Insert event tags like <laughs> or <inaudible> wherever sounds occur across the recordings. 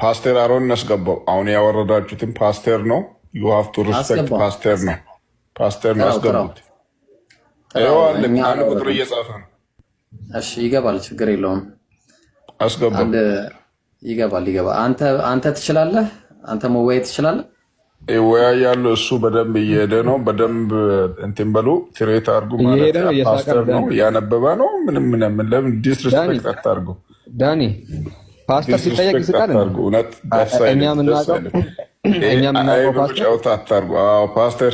ፓስተር አሮን እናስገባው። አሁን ያወረዳችሁትን ፓስተር ነው። ዩ ሃቭ ቱ ሪስፔክት ፓስቴር ነው። ፓስተር ነው አስገቡት። አንድ ቁጥር እየጻፈ ነው። እሺ ይገባል፣ ችግር የለውም። አስገባው። ይገባል፣ ይገባል። አንተ ትችላለህ። አንተ መወያየት ትችላለህ። ይወያያሉ። እሱ በደንብ እየሄደ ነው። በደንብ እንትን በሉ ትሬት አድርጉ። ማለት ፓስተር ነው ያነበበ ነው። ምንም ምንም ለምን ዲስሪስፔክት አታርጉ ዳኒ ፓስተር ሲጠየቅ ይስቃል። እኛ የምናውቀው ፓስተር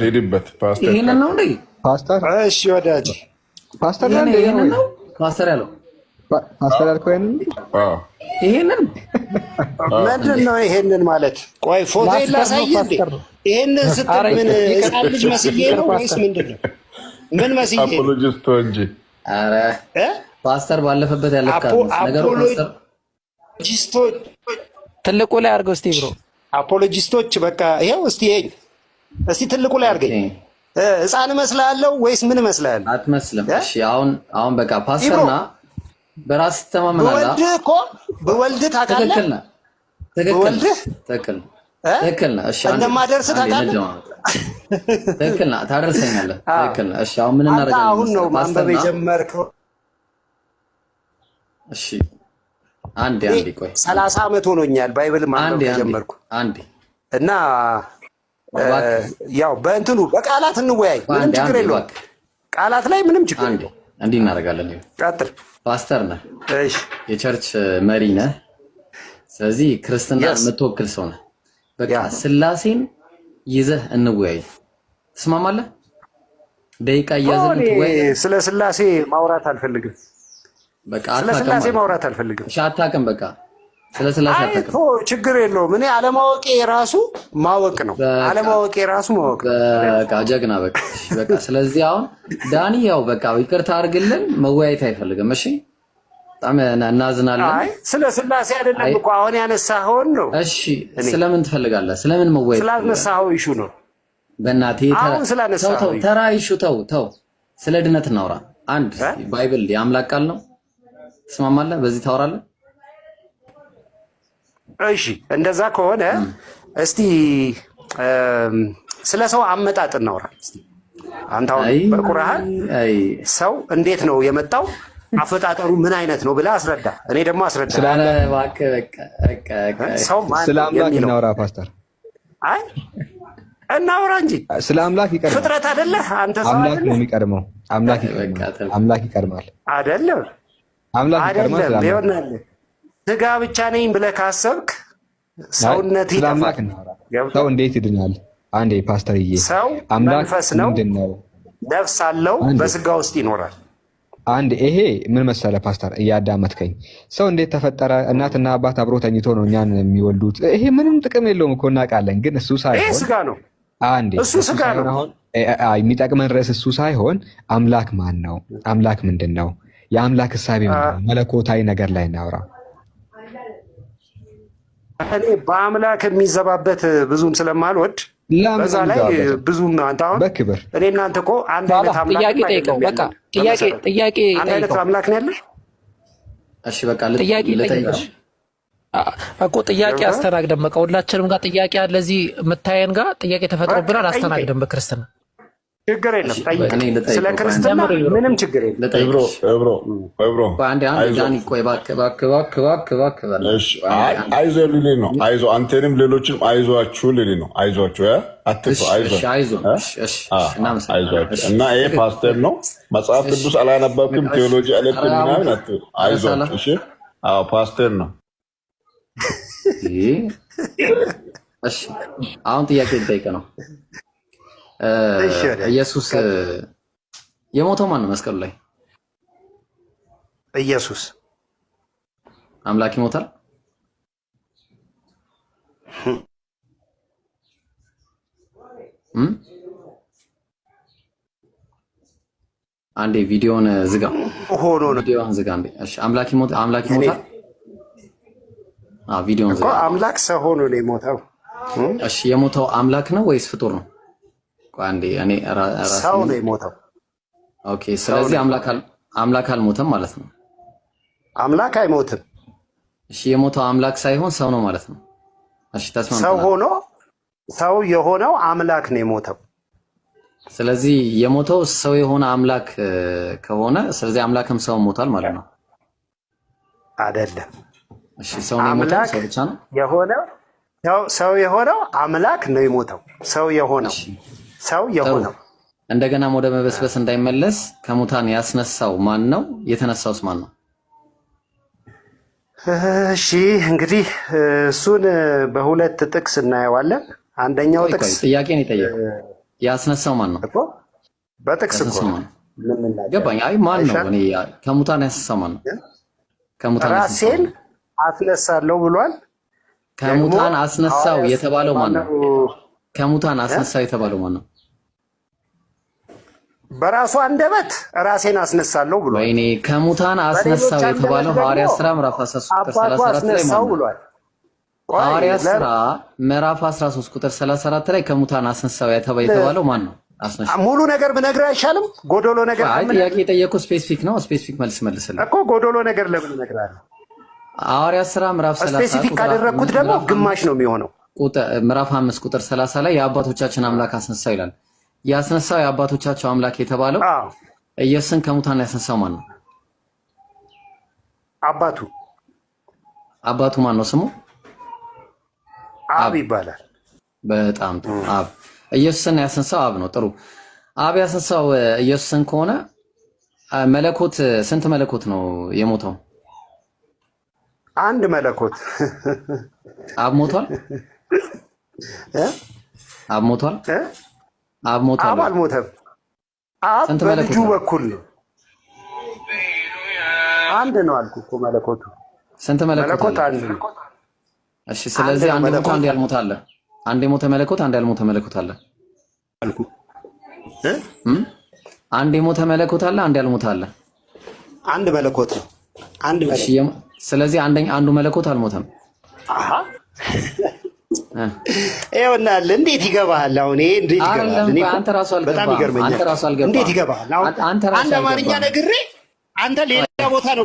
ይሄንን ነው ፓስተር እሺ፣ ወዳጅ ፓስተር ነው ነው ፓስተር ያለው ፓስተር ያልከው ምንድን ነው ይሄንን ማለት? ቆይ ፎቶ ላሳይህ ስትል ምን ህፃን ልጅ መስዬ ነው ወይስ ምንድን ነው? ምን መስዬ አፖሎጂስቶ እንጂ ፓስተር ባለፈበት ያለ ነገሩ ፓስተር አፖሎጂስቶች ትልቁ ላይ አድርገው እስቲ ብሮ አፖሎጂስቶች በቃ ይኸው እስቲ እስቲ ትልቁ ላይ አድርገኝ። ህፃን እመስላለሁ ወይስ ምን እመስላለሁ? አትመስልም። እሺ አሁን አሁን በቃ ፓስተርና በራስ ተማመናላ ወልድ እኮ በወልድ ታውቃለህ። ትክክል ነህ። ትክክል ትክክል ትክክል ነህ። እሺ ታውቃለህ። ትክክል ነህ። ታደርሰኛለህ። ትክክል ነህ። እሺ አሁን ምን እናደርጋለን? አሁን ነው ማንበብ የጀመርከው። እሺ አንዴ አንዴ ቆይ ሰላሳ ዓመት ሆኖኛል ባይብል ማንበብ አንዴ እና ያው በእንትኑ በቃላት እንወያይ፣ ምንም ችግር የለውም። ቃላት ላይ ምንም ችግር የለውም። እንዲህ እናደርጋለን። ቀጥል። ፓስተር ነህ፣ እሺ፣ የቸርች መሪ ነህ። ስለዚህ ክርስትና የምትወክል ሰው ነህ። በቃ ስላሴን ይዘህ እንወያይ። ትስማማለህ? ደቂቃ እያዘን ስለ ስላሴ ማውራት አልፈልግም። በቃ ስለ ስላሴ ማውራት አልፈልግም። እሺ አታውቅም። በቃ ስለ ስላሴ አታውቅም። ችግር የለውም። እኔ አለማወቄ የራሱ ማወቅ ነው። አለማወቄ የራሱ ማወቅ በቃ ጀግና። በቃ በቃ ስለዚህ አሁን ዳኒ ያው በቃ ይቅርታ አድርግልን፣ መወያየት አይፈልግም። እሺ በጣም እናዝናለን። አይ ስለ ስላሴ አይደለም እኮ አሁን ያነሳኸውን ነው። እሺ ስለምን ትፈልጋለህ? ስለምን መወያየት? ስላነሳኸው ኢሹ ነው። በእናትህ ተው ተው፣ ተራ ኢሹ ተው ተው። ስለ ድነት እናውራ። አንድ ባይብል የአምላክ ቃል ነው። ትስማማለህ? በዚህ ታወራለህ? እሺ፣ እንደዛ ከሆነ እስቲ ስለ ሰው አመጣጥ እናውራ። አንተ አሁን በቁርአን ሰው እንዴት ነው የመጣው አፈጣጠሩ ምን አይነት ነው ብለህ አስረዳ። እኔ ደግሞ አስረዳ። ስላለ እባክህ በቃ ሰው ስለ አምላክ እናውራ ፓስተር። አይ እናውራ እንጂ ስለ አምላክ ይቀድማል። ፍጥረት አይደለህ አንተ ሰው። አምላክ ነው የሚቀድመው። አምላክ ይቀድማል አይደለም አይደለም ስጋ ብቻ ነኝ ብለህ ካሰብክ ሰውነት ሰው እንዴት ይድናል? አንዴ ፓስተርዬ፣ ሰው መንፈስ ነው፣ ነፍስ አለው፣ በስጋ ውስጥ ይኖራል። አንድ ይሄ ምን መሰለ ፓስተር፣ እያዳመጥከኝ ሰው እንዴት ተፈጠረ? እናትና አባት አብሮ ተኝቶ ነው እኛን የሚወልዱት። ይሄ ምንም ጥቅም የለውም እኮ እናውቃለን፣ ግን እሱ ሳይሆን ስጋ ነው። አንዴ እሱ ስጋ ነው። የሚጠቅመን ርዕስ እሱ ሳይሆን አምላክ ማን ነው? አምላክ ምንድን ነው? የአምላክ እሳቤ መለኮታዊ ነገር ላይ እናውራ። እኔ በአምላክ የሚዘባበት ብዙም ስለማልወድ በዛ ላይ ብዙም አንተ አሁን በክብር እኔ እናንተ እኮ አንድ አይነት አምላክ ነው ያለ እሺ በቃ እኮ ጥያቄ አስተናግደን በቃ ሁላችንም ጋር ጥያቄ አለ። እዚህ የምታየን ጋር ጥያቄ ተፈጥሮብናል። አስተናግደን በክርስትና ችግር የለም ስለ ክርስትና ምንም ችግር የለም። ነው። አይዞ አንተንም አይዟችሁ ነው። አይዟችሁ እና ይሄ ፓስተር ነው። መጽሐፍ ቅዱስ አላነበብክም፣ ቴዎሎጂ ምናምን አይዞ ፓስተር ነው። አሁን ጥያቄ ጠይቀ ነው ኢየሱስ የሞተው ማን ነው? መስቀሉ ላይ ኢየሱስ አምላክ ይሞታል? አንዴ ቪዲዮን ዝጋ፣ ቪዲዮን ዝጋ። አንዴ እሺ፣ አምላክ ይሞታል? አምላክ ይሞታል? አዎ፣ ቪዲዮን ዝጋ። አምላክ ሰው ሆኖ ነው የሞተው። እሺ፣ የሞተው አምላክ ነው ወይስ ፍጡር ነው? ሰው ነው የሞተው። ኦኬ። ስለዚህ አምላክ አልሞተም ማለት ነው። አምላክ አይሞትም። እሺ፣ የሞተው አምላክ ሳይሆን ሰው ነው ማለት ነው። እሺ፣ ሰው ሆኖ ሰው የሆነው አምላክ ነው የሞተው። ስለዚህ የሞተው ሰው የሆነ አምላክ ከሆነ ስለዚህ አምላክም ሰው ሞቷል ማለት ነው። አይደለም። እሺ፣ ሰው ነው የሞተው። ሰው ብቻ ነው የሆነው። ሰው የሆነው አምላክ ነው የሞተው። ሰው የሆነው ሰው የሆነው እንደገና ወደ መበስበስ እንዳይመለስ ከሙታን ያስነሳው ማን ነው? የተነሳውስ ማን ነው? እሺ እንግዲህ እሱን በሁለት ጥቅስ እናየዋለን። አንደኛው ጥቅስ ጥያቄ ነው የጠየቀው፣ ያስነሳው ማን ነው በጥቅስ እኮ ገባኝ። አይ ማን ነው? እኔ ከሙታን ያስነሳው ማን ነው? ከሙታን ራሴን አስነሳለሁ ብሏል። ከሙታን አስነሳው የተባለው ማን ነው? ከሙታን አስነሳው የተባለው ማን ነው? በራሱ አንደበት ራሴን አስነሳለሁ ብሏል። ወይኔ ከሙታን አስነሳው የተባለው ሐዋርያት ሥራ ምዕራፍ 13 ላይ ብሏል። ሐዋርያት ሥራ ምዕራፍ 13 ቁጥር 34 ላይ ከሙታን አስነሳው የተባለው ማን ነው? ሙሉ ነገር ብነግርህ አይሻልም? ጎዶሎ ነገር ጥያቄ የጠየቁ ስፔሲፊክ ነው። ስፔሲፊክ መልስ መልስልህ እኮ ጎዶሎ ነገር ለምን እነግርሃለሁ? ሐዋርያት ሥራ ምዕራፍ 30 ስፔሲፊክ ካደረግኩት ደግሞ ግማሽ ነው የሚሆነው። ምዕራፍ 5 ቁጥር 30 ላይ የአባቶቻችን አምላክ አስነሳው ይላል። ያስነሳው የአባቶቻቸው አምላክ የተባለው ኢየሱስን ከሙታን ያስነሳው ማን ነው? አባቱ አባቱ ማን ነው ስሙ? አብ ይባላል። በጣም ጥሩ አብ ኢየሱስን ያስነሳው አብ ነው። ጥሩ አብ ያስነሳው ኢየሱስን ከሆነ መለኮት ስንት መለኮት ነው የሞተው? አንድ መለኮት አብ ሞቷል። አብ ሞቷል አብ ሞተ። አብ አልሞተም። አብ በልጁ በኩል ነው። አንድ ነው አልኩ እኮ መለኮቱ። ስንት መለኮት? አንድ ነው። እሺ። ስለዚህ አንድ ሞተ፣ አንድ ያልሞተ አለ። አንድ የሞተ መለኮት፣ አንድ ያልሞተ መለኮት አለ አልኩ። አንድ የሞተ መለኮት አለ፣ አንድ ያልሞተ አለ። አንድ መለኮት ነው። አንድ ስለዚህ አንደኛ አንዱ መለኮት አልሞተም። አሃ ይኸውልህ እንዴት ይገባሃል? አሁን ይሄ እንዴት ይገባሃል? በጣም ይገርመኛል። እንዴት ይገባሃል? አሁን አንድ አማርኛ ነግሬ አንተ ሌላ ቦታ ነው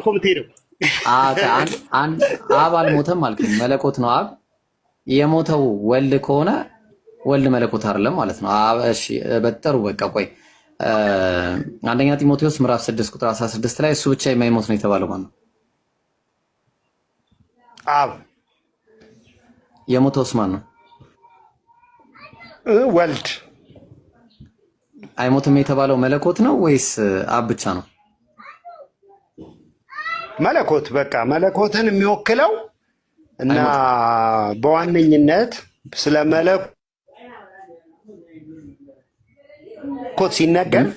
አብ አልሞተም አልክም፣ መለኮት ነው አብ። የሞተው ወልድ ከሆነ ወልድ መለኮት አይደለም ማለት ነው። አብ እሺ፣ በጠሩ በቃ ቆይ፣ አንደኛ ጢሞቴዎስ ምዕራፍ 6 ቁጥር 16 ላይ እሱ ብቻ የማይሞት ነው የተባለው ማለት ነው አብ የሞተውስ ማን ነው? ወልድ አይሞትም የተባለው መለኮት ነው ወይስ አብ ብቻ ነው? መለኮት በቃ መለኮትን የሚወክለው እና በዋነኝነት ስለ መለኮት ሲነገር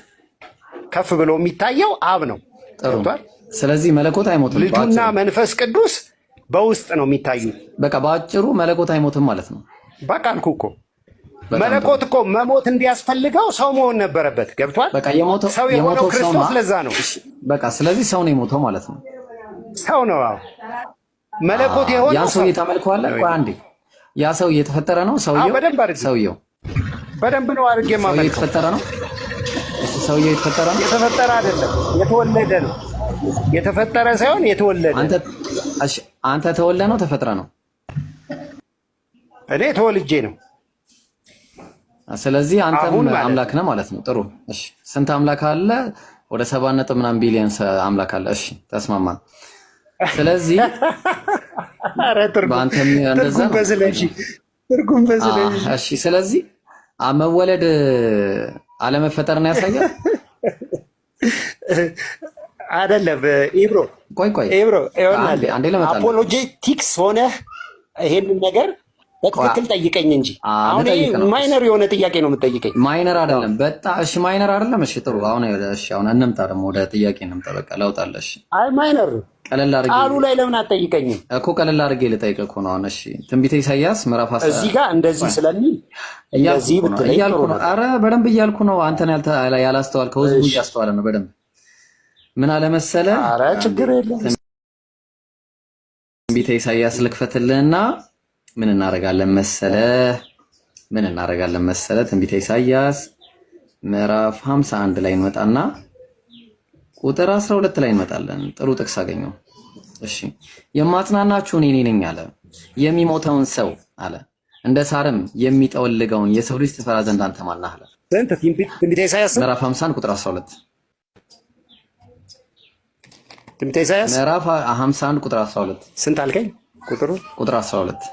ከፍ ብሎ የሚታየው አብ ነው። ስለዚህ መለኮት አይሞትም። ልጁና መንፈስ ቅዱስ በውስጥ ነው የሚታዩ። በቃ በአጭሩ መለኮት አይሞትም ማለት ነው። በቃ አልኩ እኮ መለኮት እኮ መሞት እንዲያስፈልገው ሰው መሆን ነበረበት። ገብቷል። ሰው የሆነው ክርስቶስ ለዛ ነው። በቃ ስለዚህ ሰው ነው የሞተው ማለት ነው። ሰው ነው። አዎ መለኮት የሆነ ያ ሰውዬ ታመልከዋለህ። ቆይ አንዴ፣ ያ ሰው የተፈጠረ ነው። ሰውዬው በደንብ አድርጌ ሰውዬው በደንብ ነው አድርጌ ማመልከው። የተፈጠረ ነው። እሱ ሰውዬው የተፈጠረ ነው። የተፈጠረ አይደለም የተወለደ ነው። የተፈጠረ ሳይሆን የተወለደ። አንተ ተወልደ ነው ተፈጥረ ነው? እኔ ተወልጄ ነው። ስለዚህ አንተም አምላክ ነህ ማለት ነው። ጥሩ። እሺ፣ ስንት አምላክ አለ? ወደ ሰባት ነጥብ ምናምን ቢሊየን አምላክ አለ። እሺ፣ ተስማማ። ስለዚህ <laughs> በአንተም እንደዛ ነው። ትርጉም በዝለሽ። እሺ፣ ስለዚህ መወለድ ነው ያሳያል። <laughs> አይደለም ኢብሮ፣ ቆይ ቆይ ኢብሮ፣ ይሆናል አፖሎጄቲክስ ሆነህ ነገር በትክክል ጠይቀኝ እንጂ አሁን ማይነር የሆነ ጥያቄ ነው የምጠይቀኝ። ማይነር አይደለም በጣም እሺ፣ ማይነር አይደለም። እሺ፣ ጥሩ። አሁን እሺ፣ አሁን እንምጣ ደግሞ ወደ ጥያቄ እንምጣ። በቃ ለውጣለሽ። አይ ማይነር ቀለል አድርጌ ቃሉ ላይ ለምን አትጠይቀኝም እኮ? ቀለል አድርጌ ልጠይቅህ እኮ ነው። አሁን እሺ፣ ትንቢተ ኢሳያስ ምዕራፍ አስራ እዚህ ጋር እንደዚህ ስለሚል እያልኩ ነው። ኧረ በደንብ እያልኩ ነው። አንተን ያላስተዋልከው ህዝቡ እያስተዋለ ነው በደንብ ምን አለመሰለ፣ ኧረ ችግር የለም ትንቢተ ኢሳያስ ልክፈትልህና ምን እናደርጋለን መሰለ፣ ምን እናደርጋለን መሰለ፣ ትንቢተ ኢሳያስ ምዕራፍ 51 ላይ እንመጣና ቁጥር 12 ላይ እንመጣለን። ጥሩ ጥቅስ አገኘው። እሺ የማጽናናችሁን እኔ ነኝ አለ። የሚሞተውን ሰው አለ እንደ ሳርም የሚጠወልገውን የሰው ልጅ ትፈራ ዘንድ አንተ ማን ነህ አለ። ትንቢተ ኢሳያስ ምዕራፍ 51 ቁጥር 12 ትንቢተ ኢሳያስ ምዕራፍ 51 ቁጥር 12 ስንት አልከኝ? ቁጥሩ ቁጥር 12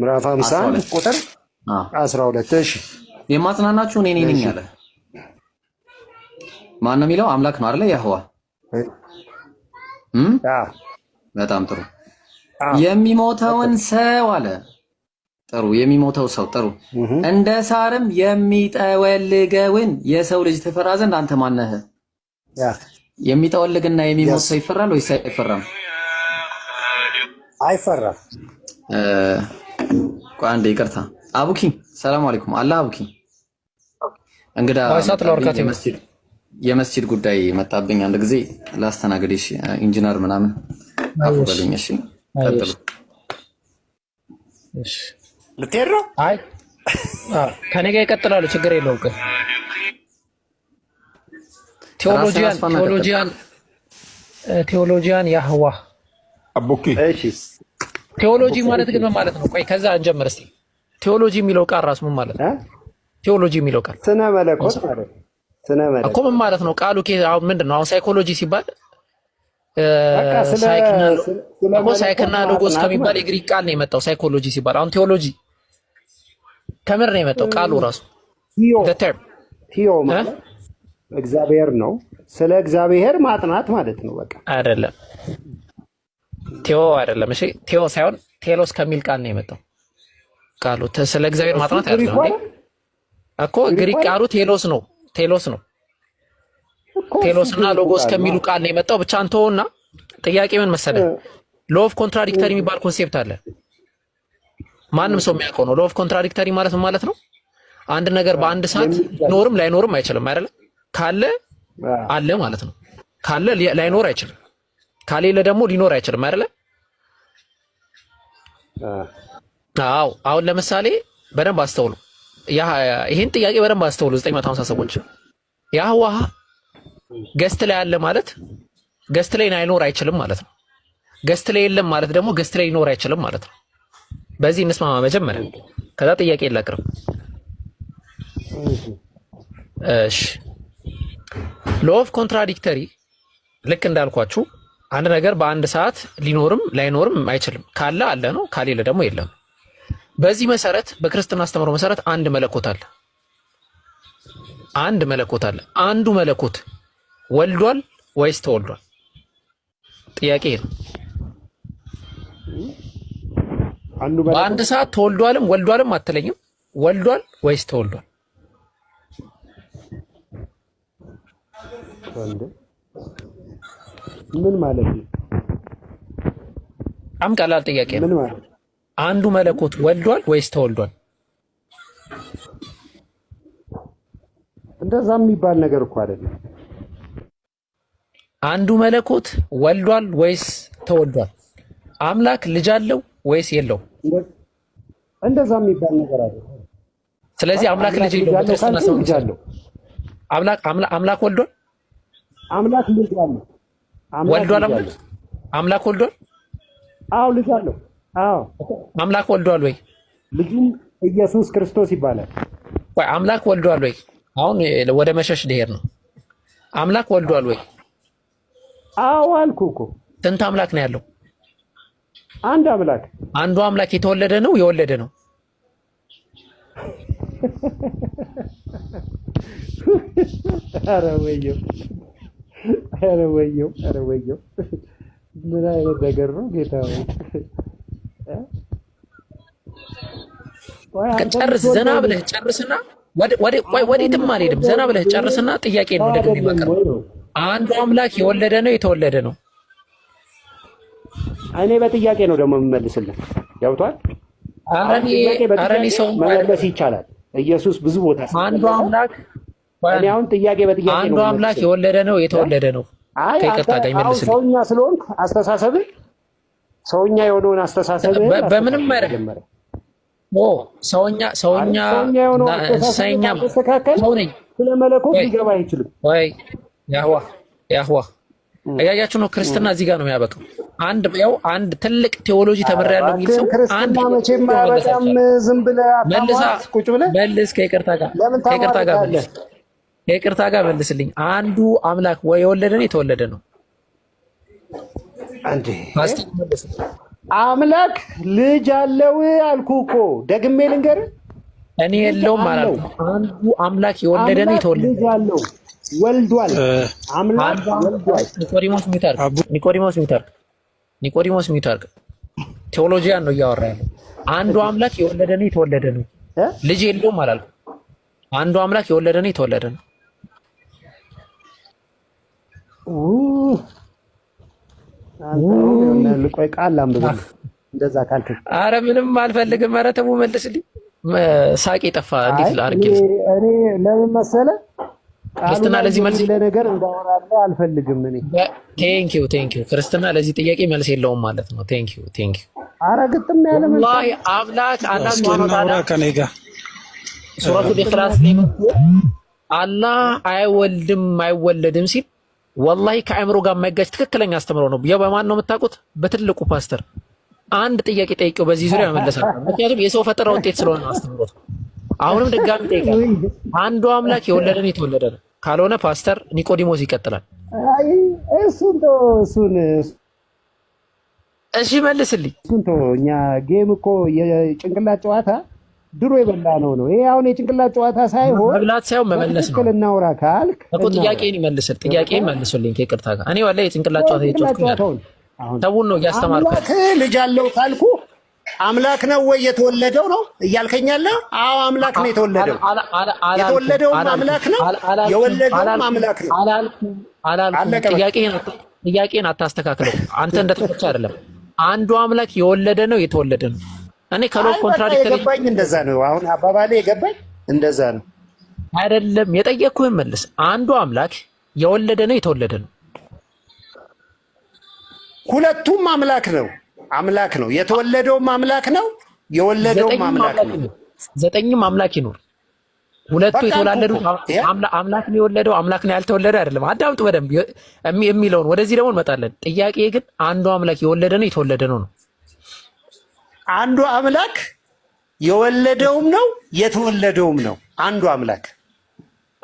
ምዕራፍ 51 ቁጥር 12። እሺ የማጽናናችሁ እኔ ነኝ አለ። ማን ነው የሚለው? አምላክ ነው አይደለ? ያህዋ በጣም ጥሩ። የሚሞተውን ሰው አለ ጥሩ የሚሞተው ሰው ጥሩ እንደ ሳርም የሚጠወልገውን የሰው ልጅ ትፈራ ዘንድ አንተ ማነህ? የሚጠወልግና የሚሞት ሰው ይፈራል ወይስ አይፈራም? አይፈራም። ቆይ አንዴ ይቅርታ። አቡኪ ሰላም አለይኩም። አላ አቡኪ፣ እንግዳ የመስጂድ ጉዳይ መጣብኝ። አንድ ጊዜ ላስተናግድሽ ኢንጂነር ምናምን አፉ እሺ ቀጥሉ። ልትሄድ ነው? አይ ከኔ ጋር ይቀጥላሉ። ችግር የለውም። ቴዎሎጂያን ቴዎሎጂያን ቴዎሎጂያን ያህዋ አቦኬ እሺ። ቴዎሎጂ ማለት ግን ምን ማለት ነው? ቆይ ከዛ እንጀምር እስቲ። ቴዎሎጂ የሚለው ቃል ራሱ ምን ማለት ነው? ቴዎሎጂ የሚለው ቃል ስነ መለኮት ማለት ነው። ስነ መለኮት እኮ ምን ማለት ነው? ቃሉ አሁን ምንድን ነው? አሁን ሳይኮሎጂ ሲባል ሳይክና ሎጎስ ከሚባል የግሪክ ቃል ነው የመጣው። ሳይኮሎጂ ሲባል አሁን ቴዎሎጂ ከምር ነው የመጣው ቃሉ ራሱ እግዚአብሔር ነው። ስለ እግዚአብሔር ማጥናት ማለት ነው። በቃ አይደለም ቴዎ አይደለም። እሺ ቴዎ ሳይሆን ቴሎስ ከሚል ቃል ነው የመጣው። ቃሉ ስለ እግዚአብሔር ማጥናት አይደለም እኮ ግሪክ ቃሉ ቴሎስ ነው። ቴሎስ ነው። እና ሎጎስ ከሚሉ ቃል ነው የመጣው። ብቻ እና ጥያቄ ምን መሰለህ፣ ሎቭ ኮንትራዲክተሪ የሚባል ኮንሴፕት አለ። ማንም ሰው የሚያውቀው ነው። ሎቭ ኮንትራዲክተሪ ማለት ማለት ነው አንድ ነገር በአንድ ሰዓት ኖርም ላይኖርም አይችልም አይደለም ካለ አለ ማለት ነው። ካለ ላይኖር አይችልም። ካሌለ ደግሞ ሊኖር አይችልም አይደለ? አዎ። አሁን ለምሳሌ በደንብ አስተውሉ። ይህን ጥያቄ በደንብ አስተውሉ። 950 ሰዎች የአህዋህ ገስት ላይ አለ ማለት ገስት ላይ ላይኖር አይችልም ማለት ነው። ገስት ላይ የለም ማለት ደግሞ ገስት ላይ ሊኖር አይችልም ማለት ነው። በዚህ እንስማማ መጀመሪያ፣ ከዛ ጥያቄ ላቅርብ። እሺ ሎፍ ኮንትራዲክተሪ ልክ እንዳልኳችሁ አንድ ነገር በአንድ ሰዓት ሊኖርም ላይኖርም አይችልም። ካለ አለ ነው፣ ካሌለ ደግሞ የለም። በዚህ መሰረት በክርስትና አስተምሮ መሰረት አንድ መለኮት አለ። አንድ መለኮት አለ። አንዱ መለኮት ወልዷል ወይስ ተወልዷል? ጥያቄ ነው። በአንድ ሰዓት ተወልዷልም ወልዷልም አትለኝም። ወልዷል ወይስ ተወልዷል? ምን ማለት ነው? በጣም ቀላል ጥያቄ ነው። አንዱ መለኮት ወልዷል ወይስ ተወልዷል? እንደዛ የሚባል ነገር እኮ አይደለም። አንዱ መለኮት ወልዷል ወይስ ተወልዷል? አምላክ ልጅ አለው ወይስ የለው? እንደዛ የሚባል ነገር አይደለም። ስለዚህ አምላክ ልጅ የለው። አምላክ አምላክ ወልዷል አምላክ ልጅ አለው። ወልዷል። አምላክ ወልዷል። አዎ ልጅ አለው። አዎ አምላክ ወልዷል ወይ? ልጁም ኢየሱስ ክርስቶስ ይባላል። ቆይ አምላክ ወልዷል ወይ? አሁን ወደ መሸሽ ልሄድ ነው። አምላክ ወልዷል ወይ? አዎ አልኩህ እኮ። ስንት አምላክ ነው ያለው? አንድ አምላክ። አንዱ አምላክ የተወለደ ነው የወለደ ነው ኧረ <laughs> ወይዬው ኧረ ወየው! ኧረ ወየው! ምን አይነት ነገር ነው ጌታ? ጨርስ፣ ዘና ብለህ ጨርስና፣ ወዴትም አልሄድም። ዘና ብለህ ጨርስና፣ ጥያቄ ነው ደግሞ የማቀርብ። አንዱ አምላክ የወለደ ነው የተወለደ ነው? እኔ በጥያቄ ነው ደግሞ የምመልስልን። ገብቷል? ኧረ እኔ ሰው መመለስ ይቻላል። ኢየሱስ ብዙ ቦታ አንዱ አምላክ እኔ አሁን ጥያቄ በጥያቄ አንዱ አምላክ የወለደ ነው የተወለደ ነው። ሰውኛ ስለሆንክ አስተሳሰብ ሰውኛ የሆነውን አስተሳሰብህ በምንም ሰውኛ ሰውኛ ሰውኛ ስለ መለኮት ሊገባ አይችልም ወይ ያህዋ ያህዋ እያያችሁ ነው። ክርስትና እዚህ ጋር ነው የሚያበቃው። አንድ ያው አንድ ትልቅ ቴዎሎጂ ተምሬያለሁ የሚል ሰው አንድ መልስ ከይቅርታ ጋር ከይቅርታ ጋር ይቅርታ ጋር መልስልኝ። አንዱ አምላክ ወይ የወለደ የተወለደ ነው። አምላክ ልጅ አለው አልኩ እኮ ደግሜ ልንገር፣ እኔ የለውም ማለት አንዱ አምላክ የወለደ ነው የተወለደ ነው። ወልዷል። አምላክ ኒቆዲሞስ ሚታር ኒቆዲሞስ ሚታር ኒቆዲሞስ ሚታር ቴዎሎጂያን ነው እያወራ ያለው። አንዱ አምላክ የወለደ ነው የተወለደ ነው። ልጅ የለውም አላልኩም። አንዱ አምላክ የወለደ ነው የተወለደ ነው። ቆይ ቃል እንደዛ ካልክ አረ ምንም አልፈልግም። ኧረ ተው መልስልኝ። ሳቄ ጠፋ። እንዴት ላድርግ? እኔ ለምን ክርስትና ለዚህ መልስ እንዳወራለሁ አልፈልግም። እኔ ቴንክ ዩ ቴንክ ዩ። ክርስትና ለዚህ ጥያቄ መልስ የለውም ማለት ነው። ቴንክ ዩ ቴንክ ዩ። አረ ግጥም ያለ አምላክ አላህ ሱረቱል ኢኽላስ ላይ አላህ አይወልድም አይወለድም ሲል ወላሂ ከአእምሮ ጋር የማይጋጭ ትክክለኛ አስተምሮ ነው። ያው በማን ነው የምታውቁት? በትልቁ ፓስተር። አንድ ጥያቄ ጠይቄው በዚህ ዙሪያ መመለሳል። ምክንያቱም የሰው ፈጠራ ውጤት ስለሆነ አስተምሮት። አሁንም ድጋሚ ጠይቃል። አንዱ አምላክ የወለደን የተወለደ ነው ካልሆነ ፓስተር ኒቆዲሞስ ይቀጥላል። እሱን እሱን እሺ መልስልኝ። እሱን እኛ ጌም እኮ የጭንቅላት ጨዋታ ድሮ የበላ ነው ነው። ይሄ አሁን የጭንቅላት ጨዋታ ሳይሆን መብላት ሳይሆን መመለስ ነው። እናውራ ካልክ እኮ ጥያቄን ይመልስል። ጥያቄን መልሱልኝ ከይቅርታ ጋር እኔ ወላሂ የጭንቅላት ጨዋታ የጨዋታውን ተውን ነው እያስተማርኩ ልጅ አለው ካልኩ አምላክ ነው ወይ የተወለደው ነው እያልከኛለ? አዎ አምላክ ነው የተወለደው። የተወለደውም አምላክ ነው የወለደውም አምላክ ነው አላልኩም። ጥያቄን አታስተካክለው። አንተ እንደተቆጨ አይደለም። አንዱ አምላክ የወለደ ነው የተወለደ ነው እኔ ከሎ ኮንትራዲክተሪ ገባኝ። እንደዛ ነው አሁን አባባሌ የገባኝ እንደዛ ነው አይደለም። የጠየቅኩህን መልስ። አንዱ አምላክ የወለደ ነው የተወለደ ነው? ሁለቱም አምላክ ነው። አምላክ ነው። የተወለደውም አምላክ ነው፣ የወለደውም አምላክ ነው። ዘጠኝም አምላክ ይኖር። ሁለቱ የተወላለዱት አምላክ ነው የወለደው አምላክ ነው ያልተወለደ አይደለም። አዳምጥ በደንብ የሚለውን ወደዚህ ደግሞ እንመጣለን። ጥያቄ ግን አንዱ አምላክ የወለደ ነው የተወለደ ነው ነው አንዱ አምላክ የወለደውም ነው የተወለደውም ነው። አንዱ አምላክ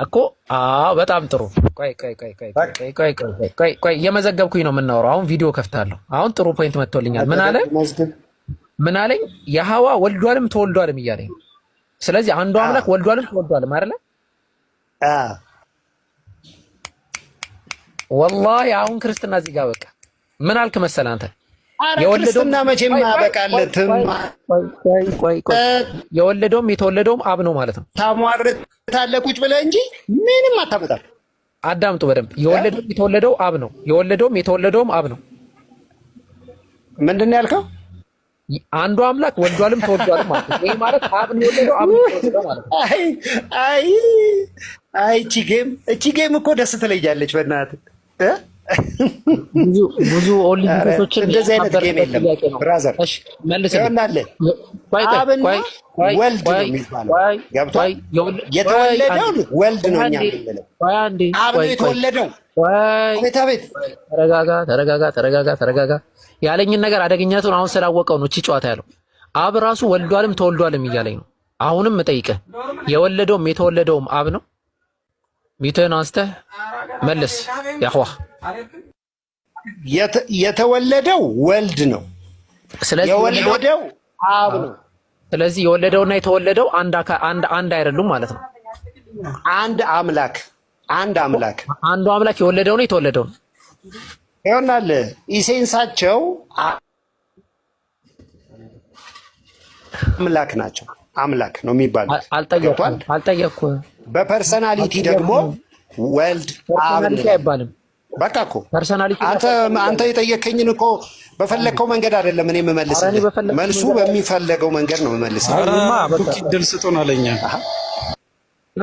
እኮ። አዎ በጣም ጥሩ። ቆይ ቆይ ቆይ ቆይ ቆይ ቆይ ቆይ እየመዘገብኩኝ ነው የምናወራው። አሁን ቪዲዮ ከፍታለሁ። አሁን ጥሩ ፖይንት መጥቶልኛል። ምን አለ ምን አለኝ? ወልዷልም ተወልዷልም እያለኝ። ስለዚህ አንዱ አምላክ ወልዷልም ተወልዷልም አይደለ? ወላሂ አሁን ክርስትና እዚህ ጋር በቃ ምን አልክ መሰለህ አንተ የወለደውና መቼም አበቃለትም። ቆይ ቆይ ቆይ የወለደውም የተወለደውም አብ ነው ማለት ነው። ታሟርታለህ ቁጭ ብለህ እንጂ ምንም አታመጣም። አዳምጡ በደንብ። የወለደውም የተወለደው አብ ነው። የወለደውም የተወለደውም አብ ነው። ምንድን ነው ያልከው? አንዱ አምላክ ወልዷልም ተወልዷልም ማለት ነው። ይሄ ማለት አብ ነው የወለደው አብ ነው ማለት ነው። አይ አይ አይ እቺ ጌም እቺ ጌም እኮ ደስ ትለያለች በእናትህ ብዙ እንደዚህ አይነት ጌም የለም ብራዘር። አብና ወልድ ነው የሚባለው ገብቷል። የተወለደው ወልድ ነው እኛ የምንለው። አብ ነው የተወለደው። ተረጋጋ፣ ተረጋጋ፣ ተረጋጋ፣ ተረጋጋ። ያለኝን ነገር አደገኛቱን አሁን ስላወቀው ነው እቺ ጨዋታ ያለው። አብ ራሱ ወልዷልም ተወልዷልም እያለኝ ነው። አሁንም እጠይቅህ የወለደውም የተወለደውም አብ ነው ሚትህን አንስተህ መልስ። ያህዋህ የተወለደው ወልድ ነው። ስለዚህ የወለደው አብ ነው። ስለዚህ የወለደውና የተወለደው አንድ አይደሉም ማለት ነው። አንድ አምላክ አንድ አምላክ አንዱ አምላክ የወለደው ነው የተወለደው ነው ይሆናል። ኢሴንሳቸው አምላክ ናቸው። አምላክ ነው የሚባሉት። አልጠየቅኩህም በፐርሰናሊቲ ደግሞ ወልድ አይባልም። በቃ እኮ አንተ የጠየከኝን እኮ በፈለግከው መንገድ አይደለም እኔ የምመልስልህ፣ መልሱ በሚፈለገው መንገድ ነው የምመልስልህ። ድል ስጡን አለኛ።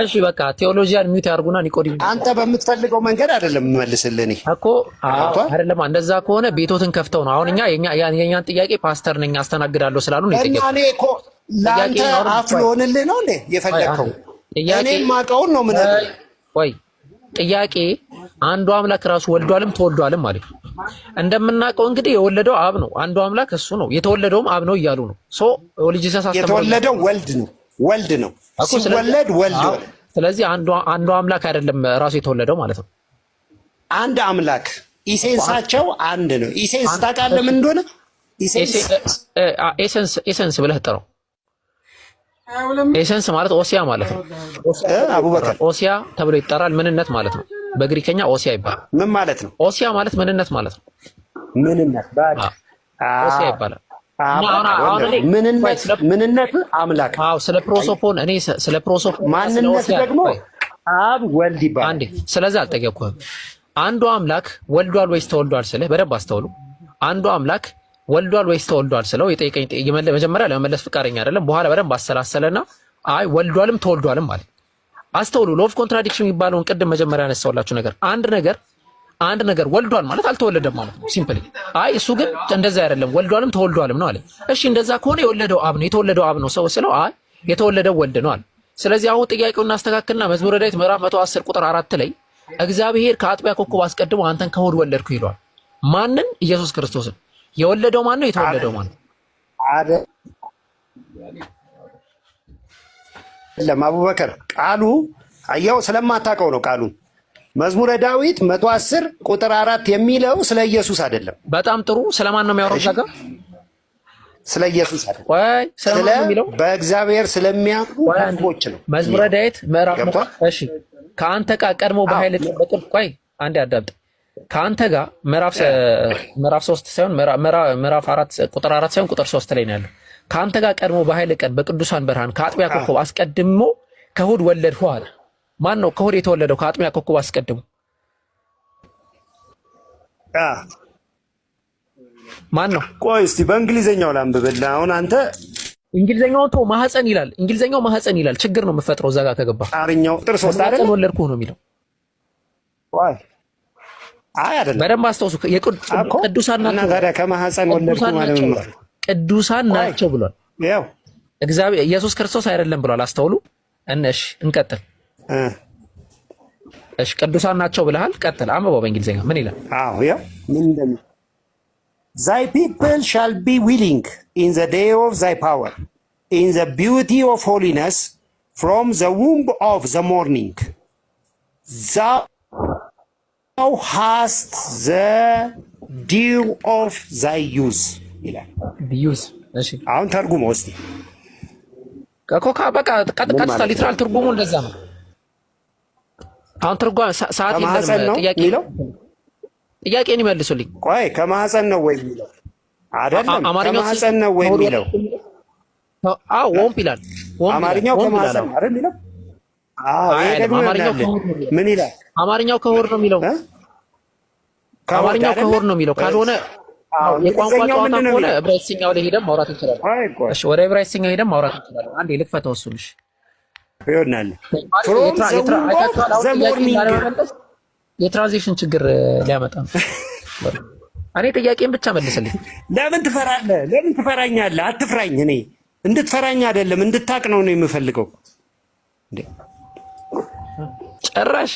እሺ በቃ ቴዎሎጂያን ሚውት ያርጉና ኒቆዲ፣ አንተ በምትፈልገው መንገድ አይደለም የምመልስልህ እኔ እኮ አይደለም። እንደዛ ከሆነ ቤቶትን ከፍተው ነው አሁን እኛ የኛን ጥያቄ ፓስተር ነኝ አስተናግዳለሁ ስላሉ ነው የጠየቁት እኮ ለአንተ አፍ ሊሆንልህ ነው እንዴ የፈለግከው? እኔ ማቀውን ነው ምን ወይ ጥያቄ አንዱ አምላክ ራሱ ወልዷልም ተወልዷልም ማለት ነው። እንደምናውቀው እንግዲህ የወለደው አብ ነው፣ አንዱ አምላክ እሱ ነው፣ የተወለደውም አብ ነው እያሉ ነው። ሶ ልጅ የተወለደው ወልድ ነው ወልድ ነው ሲወለድ ወልድ። ስለዚህ አንዱ አምላክ አይደለም ራሱ የተወለደው ማለት ነው። አንድ አምላክ ኢሴንሳቸው አንድ ነው። ኢሴንስ ታውቃለህ ምን እንደሆነ? ኢሴንስ ብለህ ጥረው ኤሰንስ ማለት ኦሲያ ማለት ነው። አቡበከር ኦሲያ ተብሎ ይጠራል። ምንነት ማለት ነው። በግሪከኛ ኦሲያ ይባላል። ምን ማለት ነው? ኦሲያ ማለት ምንነት ማለት ነው። ምንነት ኦሲያ ይባላል። ምንነት አምላክ። አዎ ስለ ፕሮሶፖን እኔ ስለ ፕሮሶፖን ማንነት ደግሞ አብ ወልድ ይባላል። አንዴ ስለዚህ አልጠየቅኩህም። አንዱ አምላክ ወልዷል ወይስ ተወልዷል? ስለ በደንብ አስተውሉ። አንዱ አምላክ ወልዷል ወይስ ተወልዷል ስለው የጠየቀኝ መጀመሪያ ለመመለስ ፍቃደኛ አይደለም። በኋላ በደንብ አሰላሰለና አይ ወልዷልም ተወልዷልም አለ። አስተውሉ። ሎቭ ኮንትራዲክሽን የሚባለውን ቅድም መጀመሪያ ያነሳውላችሁ ነገር አንድ ነገር አንድ ነገር ወልዷል ማለት አልተወለደም ማለት ነው። ሲምፕል አይ እሱ ግን እንደዛ አይደለም ወልዷልም ተወልዷልም ነው አለ። እሺ እንደዛ ከሆነ የወለደው አብ ነው የተወለደው አብ ነው ሰው ስለው አይ የተወለደው ወልድ ነው አለ። ስለዚህ አሁን ጥያቄውን እናስተካክልና መዝሙረ ዳዊት ምዕራፍ 110 ቁጥር አራት ላይ እግዚአብሔር ከአጥቢያ ኮከብ አስቀድሞ አንተን ከሆድ ወለድኩ ይሏል። ማንን? ኢየሱስ ክርስቶስን የወለደው ማን ነው? የተወለደው ማን ለም አቡበከር ቃሉ ያው ስለማታውቀው ነው። ቃሉ መዝሙረ ዳዊት መቶ አስር ቁጥር አራት የሚለው ስለ ኢየሱስ አይደለም። በጣም ጥሩ። ስለማን ነው የሚያወራው? ዛጋ ስለ ኢየሱስ አይደለም። ስለ በእግዚአብሔር ስለሚያምኑ ህዝቦች ነው። መዝሙረ ዳዊት ምዕራፍ እሺ፣ ከአንተ ቃ ቀድሞ በኃይል ጠበቅን። ቆይ አንዴ አዳምጥ ከአንተ ጋር ምዕራፍ ሶስት ሳይሆን ምዕራፍ አራት ቁጥር አራት ሳይሆን ቁጥር ሶስት ላይ ነው ያለው። ከአንተ ጋር ቀድሞ በኃይል ቀን በቅዱሳን ብርሃን ከአጥቢያ ኮከብ አስቀድሞ ከእሑድ ወለድሁ አለ። ማን ነው ከእሑድ የተወለደው? ከአጥቢያ ኮከብ አስቀድሞ ማን ነው? ቆይ እስቲ በእንግሊዝኛው ላንብብልህ። አሁን አንተ እንግሊዝኛው ቶ ማህፀን ይላል። እንግሊዝኛው ማህፀን ይላል። ችግር ነው የምፈጥረው እዛ ጋር ከገባ አርኛው ጥርስ ወለድኩ ነው የሚለው ዋይ በደንብ አስታውሱ። ቅዱሳን ናቸው ብሏል እግዚአብሔር። ኢየሱስ ክርስቶስ አይደለም ብሏል። አስተውሉ። እሺ እንቀጥል። እሺ ቅዱሳን ናቸው ብለሃል። ቀጥል። አንብበው በእንግሊዝኛ ምን ይላል? አዎ ያው ምን እንደሚ ዛይ ፒፕል ሻል ቢ ዊሊንግ ኢን ዘ ዴይ ኦፍ ዛይ ፓወር ኢን ዘ ቢዩቲ ኦፍ ሆሊነስ ፍሮም ዘ ውምብ ኦፍ ዘ ሞርኒንግ ው ሃስት ዘ ዲው ኦፍ ዛይ ይላል። ዩዝ አሁን ተርጉመው እስኪ ኮካ በቃ ቀጥታ ሊትራል ትርጉሙ እንደዛ ነው። አሁን ትርጓ ሰዓት ከማህፀን ነው የሚለው ጥያቄን ይመልሱልኝ። ቆይ ከማህፀን ነው ወይ የሚለው አይደለም፣ ከማህፀን ነው ወይ የሚለው አዎ፣ ወምፕ ይላል አማርኛው ከማህፀን አይደል የሚለው ምን ይላል አማርኛው? ከሆር ነው የሚለው አማርኛው ከሆር ነው የሚለው ካልሆነ የቋንቋ ጨዋታ ከሆነ ዕብራይስጥኛው ላይ ሄደን ማውራት እንችላለን። እሺ ወደ ዕብራይስጥኛ ሄደን ማውራት እንችላለን። አንዴ ልክፈተው እሱን። እሺ ይሆናል። የትራንዚሽን ችግር ሊያመጣ ነው። እኔ ጥያቄን ብቻ መልስልኝ። ለምን ትፈራለህ? ለምን ትፈራኛለህ? አትፍራኝ። እኔ እንድትፈራኝ አይደለም እንድታቅ ነው ነው የምፈልገው። ጭራሽ